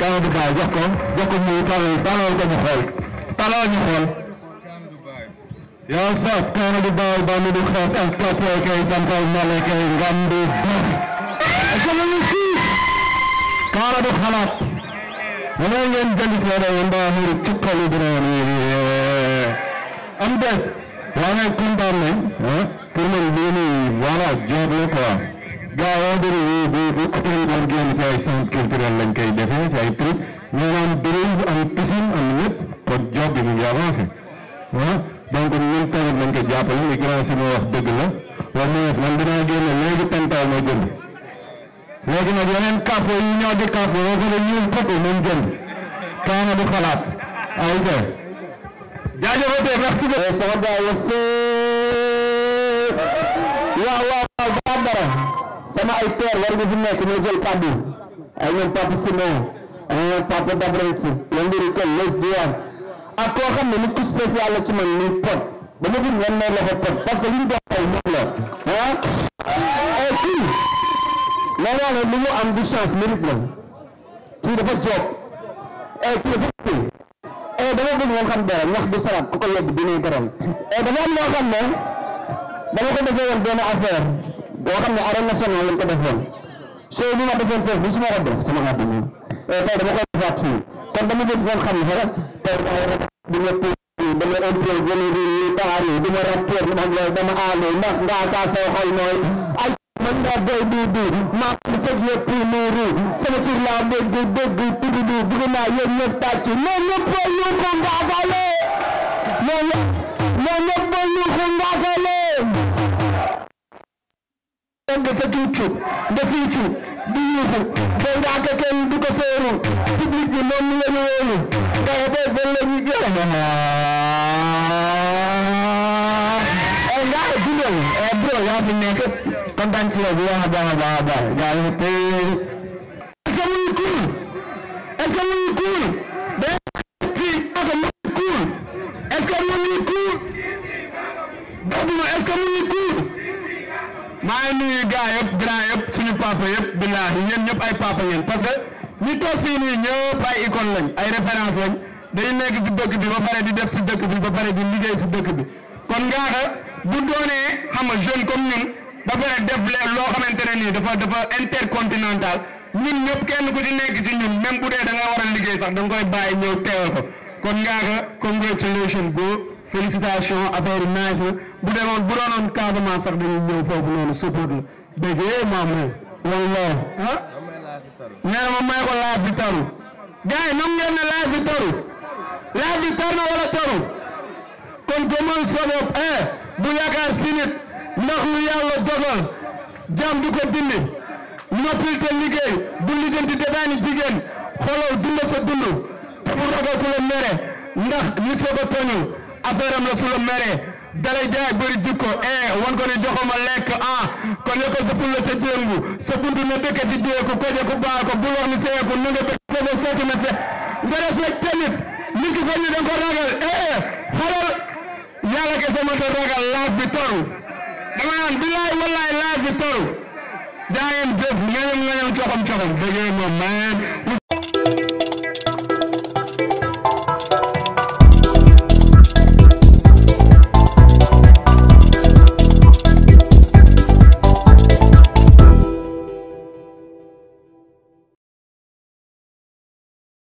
kaanu du baay jox ko jox ko muy taloo taloo ko ñu xool taloo ñu xool yow sax kaanu du baay ba mu du xees ak toppee kay jantal male kay ngam du dof asalamu siis kaanu du xalaat mu ne ngeen jënd seede yi mbaa xuru cukkalu du noon am def waa ngay kontaan nañ ah, pour man lii nii voilà job la quoi gaaw a bëri bu bu activité bi génn ci ay centre culturel lañ koy defee ci ay truc ñu am brise am piscine am lépp kon job bi mu ngi avancé waaw donc ñun tamit lañ ko jàppale li grand sama wax dëgg la waaw mais man dinaa génne léegi pentaw ma jënd léegi nag yeneen kàfo yi ñoo di kàfo yoo xam ne ñuul kooku moom jënd kaana du xalaat ah, ay ca jaajëfatee merci beaucoup sama gars yi waaw waaw waaw dara sama ay père war nga fi nekk ñoo jël kàddu ay ñoom Papa Simon ay ñoom Papa Dabrensi Lengiri Kol Les Diwan ak koo xam ne nit ku spécial la ci man ni pot ba ma gis lan mooy loxo pot parce que li ñu doon tey moom la ah et kii nee naa ne li mu am du chance mérite la kii dafa joob et kii dafa kii et dama bëgg nga xam dara ñax du sarab ku ko yóbbu dinañ garal et dafa am loo xam ne dama ko defee woon benn affaire boo a ne arène nationale lañ ko defoon soo bi ma defoon foofu bi su ma ko def sama àdduna eh, tey dama koy defaat fii kon dama bëgg ngeen xam ne rek tey dama dama impro gën a réer taar yi dama rapport dama dama aale ndax ngaa saa soo xol mooy ay man ngaa doy du du maa ko fekk ñëpp nuuru sama tur laa dégg dégg tudd du bëgg naa yéen ñëpp tàcc mais ñëpp yuuxu ngaa nga sa cuucu nga fiicu di yuuxu boo ngaaka kenn du ko sóoru public moom la ñu wóolu ndax boo bon la ñu jox nga dundal bro yaa fi nekk kontaan ci yow bu baax a baax a baax a baax gaa yi est-ce que muy maa nuyu gaa yëpp grand yëpp suñu papa yëpp billaahi yéen ñëpp ay papa ngeen parce que ñi toog fii nii ñëpp ay icône lañ ay référence lañ dañu nekk si dëkk bi ba pare di def si dëkk bi ba pare di liggéey si dëkk bi kon Ngaka bu doonee xam nga jeune comme ñun ba pare def leen loo nii dafa dafa intercontinental ñun ñëpp kenn ku ci nekk ci ñun même bu dee da nga war a liggéey sax da nga koy bàyyi ñëw teewal ko kon Ngaka congratulation boo félicitation affaire naaj na bu demoon bu doonoon Casamance sax dañuy ñëw foofu noonu support la dégg nga eh, maam moom wallaahi nee na may ko laaj taru gars yi nam ngeen ne laaj taru laaj bi tar taru kon demal sa bopp eh bu yaakaar si nit ndax lu yàlla dogal jàmm du ko dindi noppil te liggéey bu lijjanti détaani jigéen xoolal dund sa dund te bu ragal ku la mere ndax nit soo ko affaire am la su la meree dalay jaay bëri jikko eh wan ko ni joxuma lekk ah kon yëkkal sa fulla ca jéngu sa buntu na dëkk ci jéeku koje ku baax ko bul wax ni seeku na nga dëkk sa fekk na se nga ki ko ñu da ko ragal eh xalal yàlla kese mënta ragal laaj bi toru dama naan bilaay wallaay laaj bi toru daa